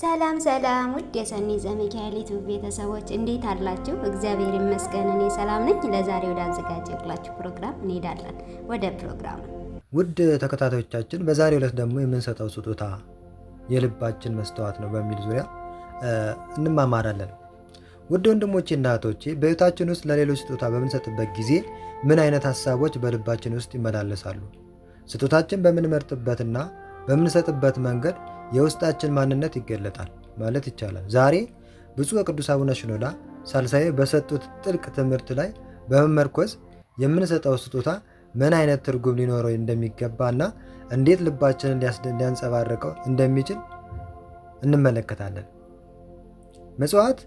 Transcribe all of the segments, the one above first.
ሰላም ሰላም ውድ የሰኒ ዘሚካኤል ዩቲዩብ ቤተሰቦች እንዴት አላችሁ? እግዚአብሔር ይመስገን እኔ ሰላም ነኝ። ለዛሬ ወደ አዘጋጀሁላችሁ ፕሮግራም እንሄዳለን። ወደ ፕሮግራሙ ውድ ተከታታዮቻችን፣ በዛሬ ዕለት ደግሞ የምንሰጠው ስጦታ የልባችን መስተዋት ነው በሚል ዙሪያ እንማማራለን። ውድ እና እህቶቼ በህይወታችን ውስጥ ለሌሎች ስጦታ በምንሰጥበት ጊዜ ምን አይነት ሀሳቦች በልባችን ውስጥ ይመላለሳሉ? ስጦታችን በምንመርጥበትና በምንሰጥበት መንገድ የውስጣችን ማንነት ይገለጣል ማለት ይቻላል። ዛሬ ብፁዕ ቅዱስ አቡነ ሽኖዳ ሳልሳዊ በሰጡት ጥልቅ ትምህርት ላይ በመመርኮዝ የምንሰጠው ስጦታ ምን አይነት ትርጉም ሊኖረው እንደሚገባ እና እንዴት ልባችንን ሊያንጸባርቀው እንደሚችል እንመለከታለን። ምጽዋት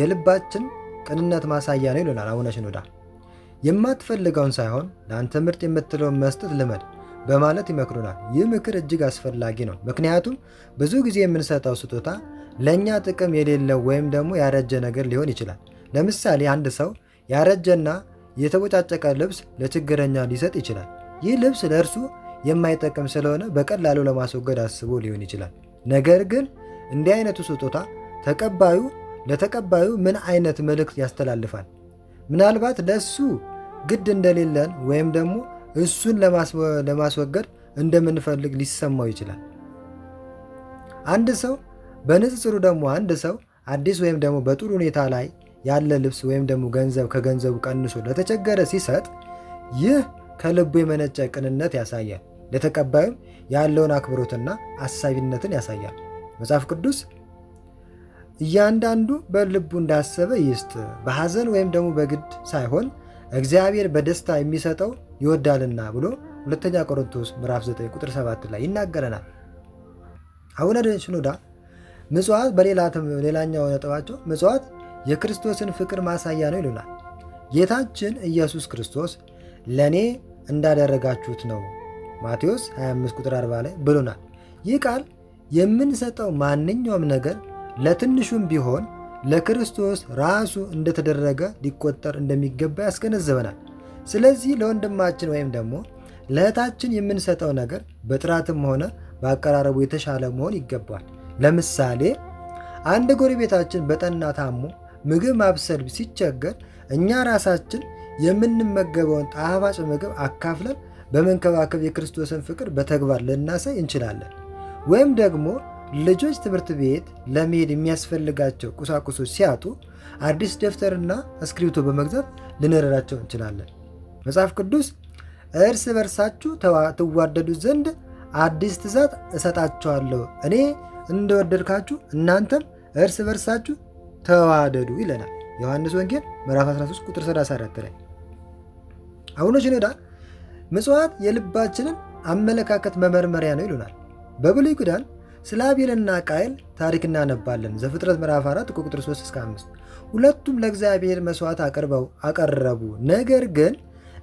የልባችን ቅንነት ማሳያ ነው ይሉናል አቡነ ሽኖዳ። የማትፈልገውን ሳይሆን ለአንተ ምርጥ የምትለውን መስጠት ልመድ። በማለት ይመክሩናል። ይህ ምክር እጅግ አስፈላጊ ነው። ምክንያቱም ብዙ ጊዜ የምንሰጠው ስጦታ ለእኛ ጥቅም የሌለው ወይም ደግሞ ያረጀ ነገር ሊሆን ይችላል። ለምሳሌ አንድ ሰው ያረጀና የተቦጫጨቀ ልብስ ለችግረኛ ሊሰጥ ይችላል። ይህ ልብስ ለእርሱ የማይጠቅም ስለሆነ በቀላሉ ለማስወገድ አስቦ ሊሆን ይችላል። ነገር ግን እንዲህ አይነቱ ስጦታ ተቀባዩ ለተቀባዩ ምን አይነት መልእክት ያስተላልፋል? ምናልባት ለእሱ ግድ እንደሌለን ወይም ደግሞ እሱን ለማስወገድ እንደምንፈልግ ሊሰማው ይችላል። አንድ ሰው በንጽጽሩ ደግሞ አንድ ሰው አዲስ ወይም ደግሞ በጥሩ ሁኔታ ላይ ያለ ልብስ ወይም ደግሞ ገንዘብ ከገንዘቡ ቀንሶ ለተቸገረ ሲሰጥ ይህ ከልቡ የመነጨ ቅንነት ያሳያል። ለተቀባዩም ያለውን አክብሮትና አሳቢነትን ያሳያል። መጽሐፍ ቅዱስ እያንዳንዱ በልቡ እንዳሰበ ይስጥ፣ በሐዘን ወይም ደግሞ በግድ ሳይሆን እግዚአብሔር በደስታ የሚሰጠው ይወዳልና ብሎ ሁለተኛ ቆሮንቶስ ምዕራፍ 9 ቁጥር 7 ላይ ይናገረናል። አቡነ ሽኖዳ ምጽዋት በሌላ ሌላኛው ነጥባቸው ምጽዋት የክርስቶስን ፍቅር ማሳያ ነው ይሉናል። ጌታችን ኢየሱስ ክርስቶስ ለእኔ እንዳደረጋችሁት ነው ማቴዎስ 25 ቁጥር 40 ላይ ብሎናል። ይህ ቃል የምንሰጠው ማንኛውም ነገር ለትንሹም ቢሆን ለክርስቶስ ራሱ እንደተደረገ ሊቆጠር እንደሚገባ ያስገነዝበናል። ስለዚህ ለወንድማችን ወይም ደግሞ ለእህታችን የምንሰጠው ነገር በጥራትም ሆነ በአቀራረቡ የተሻለ መሆን ይገባል። ለምሳሌ አንድ ጎረቤታችን በጠና ታሞ ምግብ ማብሰል ሲቸገር እኛ ራሳችን የምንመገበውን ጣፋጭ ምግብ አካፍለን በመንከባከብ የክርስቶስን ፍቅር በተግባር ልናሳይ እንችላለን። ወይም ደግሞ ልጆች ትምህርት ቤት ለመሄድ የሚያስፈልጋቸው ቁሳቁሶች ሲያጡ አዲስ ደብተርና እስክሪብቶ በመግዛት ልንረዳቸው እንችላለን። መጽሐፍ ቅዱስ እርስ በርሳችሁ ትዋደዱ ዘንድ አዲስ ትእዛዝ እሰጣችኋለሁ፣ እኔ እንደወደድካችሁ እናንተም እርስ በርሳችሁ ተዋደዱ ይለናል። ዮሐንስ ወንጌል ምዕራፍ 13 ቁጥር 34 ላይ አቡነ ሽኖዳ ምጽዋት የልባችንን አመለካከት መመርመሪያ ነው ይሉናል። በብሉይ ኪዳን ስለ አቤልና ቃየል ታሪክ እናነባለን። ዘፍጥረት ምዕራፍ 4 ቁጥር 3 እስከ 5። ሁለቱም ለእግዚአብሔር መስዋዕት አቅርበው አቀረቡ። ነገር ግን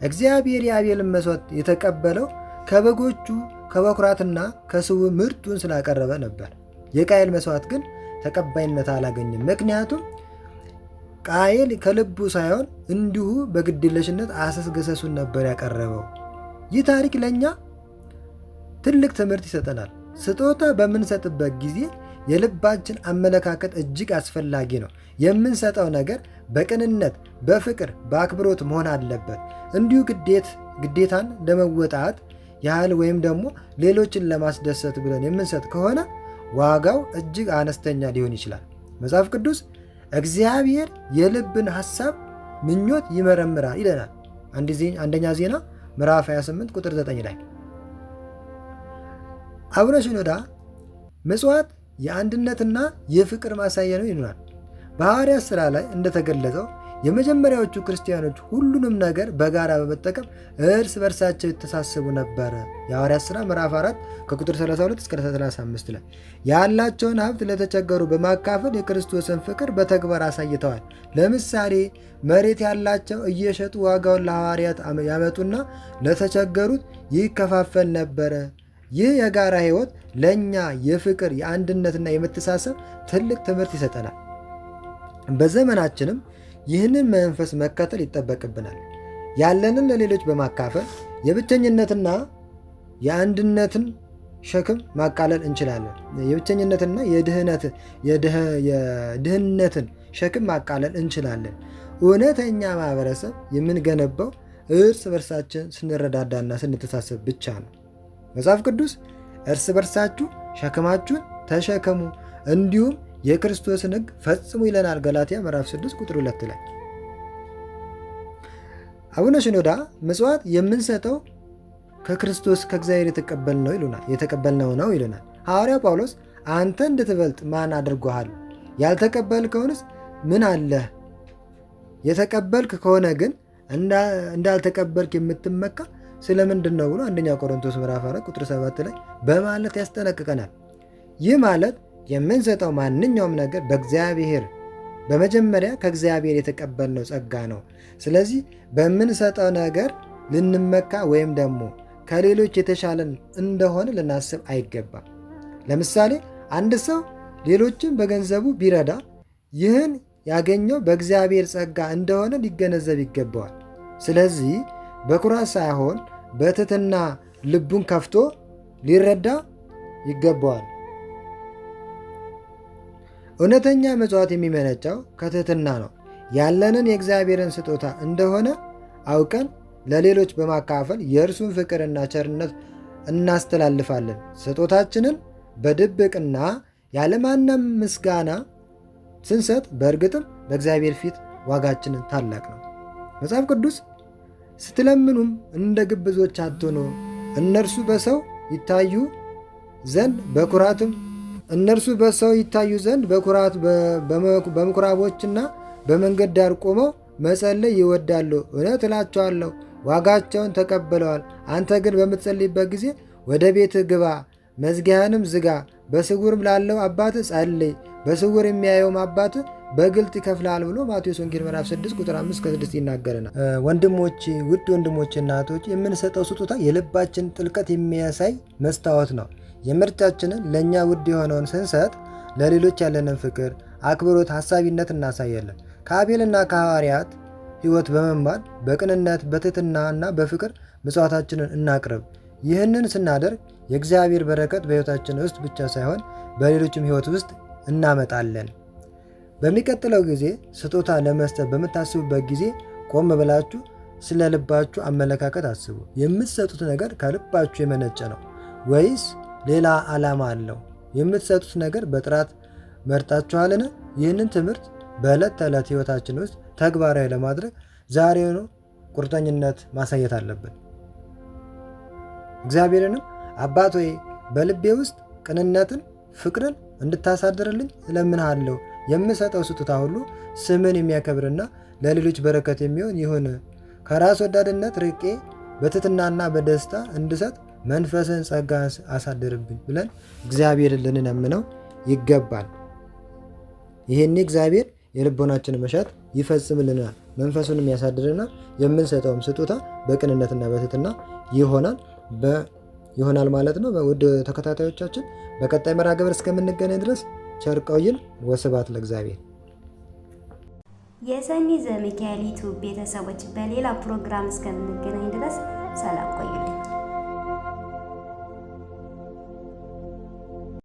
እግዚአብሔር የአቤልን መስዋዕት የተቀበለው ከበጎቹ ከበኩራትና ከስው ምርቱን ስላቀረበ ነበር። የቃየል መስዋዕት ግን ተቀባይነት አላገኝም። ምክንያቱም ቃየል ከልቡ ሳይሆን እንዲሁ በግድለሽነት አሰስገሰሱን ነበር ያቀረበው። ይህ ታሪክ ለእኛ ትልቅ ትምህርት ይሰጠናል። ስጦታ በምንሰጥበት ጊዜ የልባችን አመለካከት እጅግ አስፈላጊ ነው። የምንሰጠው ነገር በቅንነት፣ በፍቅር፣ በአክብሮት መሆን አለበት። እንዲሁ ግዴታን ለመወጣት ያህል ወይም ደግሞ ሌሎችን ለማስደሰት ብለን የምንሰጥ ከሆነ ዋጋው እጅግ አነስተኛ ሊሆን ይችላል። መጽሐፍ ቅዱስ እግዚአብሔር የልብን ሐሳብ ምኞት ይመረምራል ይለናል። አንደኛ ዜና ምዕራፍ 28 ቁጥር 9 ላይ አቡነ ሺኖዳ ምጽዋት የአንድነትና የፍቅር ማሳያ ነው ይሉናል። በሐዋርያት ሥራ ላይ እንደተገለጸው የመጀመሪያዎቹ ክርስቲያኖች ሁሉንም ነገር በጋራ በመጠቀም እርስ በርሳቸው የተሳሰቡ ነበረ። የሐዋርያት ሥራ ምዕራፍ 4 ከቁጥር 32 እስከ 35 ላይ ያላቸውን ሀብት ለተቸገሩ በማካፈል የክርስቶስን ፍቅር በተግባር አሳይተዋል። ለምሳሌ መሬት ያላቸው እየሸጡ ዋጋውን ለሐዋርያት ያመጡና ለተቸገሩት ይከፋፈል ነበረ። ይህ የጋራ ህይወት ለእኛ የፍቅር የአንድነትና የመተሳሰብ ትልቅ ትምህርት ይሰጠናል። በዘመናችንም ይህንን መንፈስ መከተል ይጠበቅብናል። ያለንን ለሌሎች በማካፈል የብቸኝነትና የአንድነትን ሸክም ማቃለል እንችላለን። የብቸኝነትና የድህነትን ሸክም ማቃለል እንችላለን። እውነተኛ ማህበረሰብ የምንገነባው እርስ በርሳችን ስንረዳዳና ስንተሳሰብ ብቻ ነው። መጽሐፍ ቅዱስ እርስ በርሳችሁ ሸክማችሁን ተሸከሙ እንዲሁም የክርስቶስን ሕግ ፈጽሙ ይለናል። ገላትያ ምዕራፍ 6 ቁጥር 2 ላይ አቡነ ሽኖዳ ምጽዋት የምንሰጠው ከክርስቶስ ከእግዚአብሔር የተቀበልነው ይሉናል የተቀበልነው ነው ይሉናል። ሐዋርያው ጳውሎስ አንተ እንድትበልጥ ማን አድርጎሃል? ያልተቀበልከውንስ ምን አለህ? የተቀበልክ ከሆነ ግን እንዳልተቀበልክ የምትመካ ስለምንድን ነው ብሎ አንደኛ ቆሮንቶስ ምዕራፍ 4 ቁጥር 7 ላይ በማለት ያስጠነቅቀናል። ይህ ማለት የምንሰጠው ማንኛውም ነገር በእግዚአብሔር በመጀመሪያ ከእግዚአብሔር የተቀበልነው ጸጋ ነው። ስለዚህ በምንሰጠው ነገር ልንመካ ወይም ደግሞ ከሌሎች የተሻለን እንደሆነ ልናስብ አይገባም። ለምሳሌ አንድ ሰው ሌሎችን በገንዘቡ ቢረዳ ይህን ያገኘው በእግዚአብሔር ጸጋ እንደሆነ ሊገነዘብ ይገባዋል። ስለዚህ በኩራት ሳይሆን በትህትና ልቡን ከፍቶ ሊረዳ ይገባዋል። እውነተኛ መጽዋት የሚመነጨው ከትህትና ነው። ያለንን የእግዚአብሔርን ስጦታ እንደሆነ አውቀን ለሌሎች በማካፈል የእርሱን ፍቅርና ቸርነት እናስተላልፋለን። ስጦታችንን በድብቅና ያለማንም ምስጋና ስንሰጥ በእርግጥም በእግዚአብሔር ፊት ዋጋችንን ታላቅ ነው። መጽሐፍ ቅዱስ ስትለምኑም እንደ ግብዞች አትሆኑ። እነርሱ በሰው ይታዩ ዘንድ በኩራትም እነርሱ በሰው ይታዩ ዘንድ በኩራት በምኩራቦችና በመንገድ ዳር ቆመው መጸለይ ይወዳሉ። እውነት እላቸዋለሁ ዋጋቸውን ተቀብለዋል። አንተ ግን በምትጸልይበት ጊዜ ወደ ቤትህ ግባ፣ መዝጊያህንም ዝጋ፣ በስውርም ላለው አባትህ ጸልይ። በስውር የሚያየውም አባትህ በግልጥ ይከፍላል ብሎ ማቴዎስ ወንጌል ምዕራፍ 6 ቁጥር 5 ከ6 ይናገረናል። ወንድሞቼ፣ ውድ ወንድሞቼ፣ እናቶች የምንሰጠው ስጦታ የልባችን ጥልቀት የሚያሳይ መስታወት ነው። የምርጫችንን ለእኛ ውድ የሆነውን ስንሰጥ ለሌሎች ያለንን ፍቅር፣ አክብሮት፣ ሀሳቢነት እናሳያለን። ከአቤልና ከሐዋርያት ሕይወት በመማር በቅንነት በትህትና እና በፍቅር ምጽዋታችንን እናቅርብ። ይህንን ስናደርግ የእግዚአብሔር በረከት በሕይወታችን ውስጥ ብቻ ሳይሆን በሌሎችም ሕይወት ውስጥ እናመጣለን። በሚቀጥለው ጊዜ ስጦታ ለመስጠት በምታስቡበት ጊዜ ቆም ብላችሁ ስለ ልባችሁ አመለካከት አስቡ። የምትሰጡት ነገር ከልባችሁ የመነጨ ነው ወይስ ሌላ ዓላማ አለው? የምትሰጡት ነገር በጥራት መርጣችኋልን? ይህንን ትምህርት በዕለት ተዕለት ሕይወታችን ውስጥ ተግባራዊ ለማድረግ ዛሬውኑ ቁርጠኝነት ማሳየት አለብን። እግዚአብሔርንም አባት ሆይ በልቤ ውስጥ ቅንነትን፣ ፍቅርን እንድታሳድርልኝ እለምንሃለሁ የምሰጠው ስጦታ ሁሉ ስምን የሚያከብርና ለሌሎች በረከት የሚሆን ይሁን። ከራስ ወዳድነት ርቄ በትትናና በደስታ እንድሰጥ መንፈስን ጸጋ አሳድርብኝ ብለን እግዚአብሔርን ልንለምነው ይገባል። ይህን እግዚአብሔር የልቦናችን መሻት ይፈጽምልናል፣ መንፈሱንም ያሳድርናል። የምንሰጠውም ስጦታ በቅንነትና በትትና ይሆናል ይሆናል ማለት ነው። ውድ ተከታታዮቻችን በቀጣይ መርሃ ግብር እስከምንገናኝ ድረስ ቸር ወስባት ለእግዚአብሔር። የሰኒ ዘሚካኤል ዩቱብ ቤተሰቦች በሌላ ፕሮግራም እስከምንገናኝ ድረስ ሰላም ቆዩ።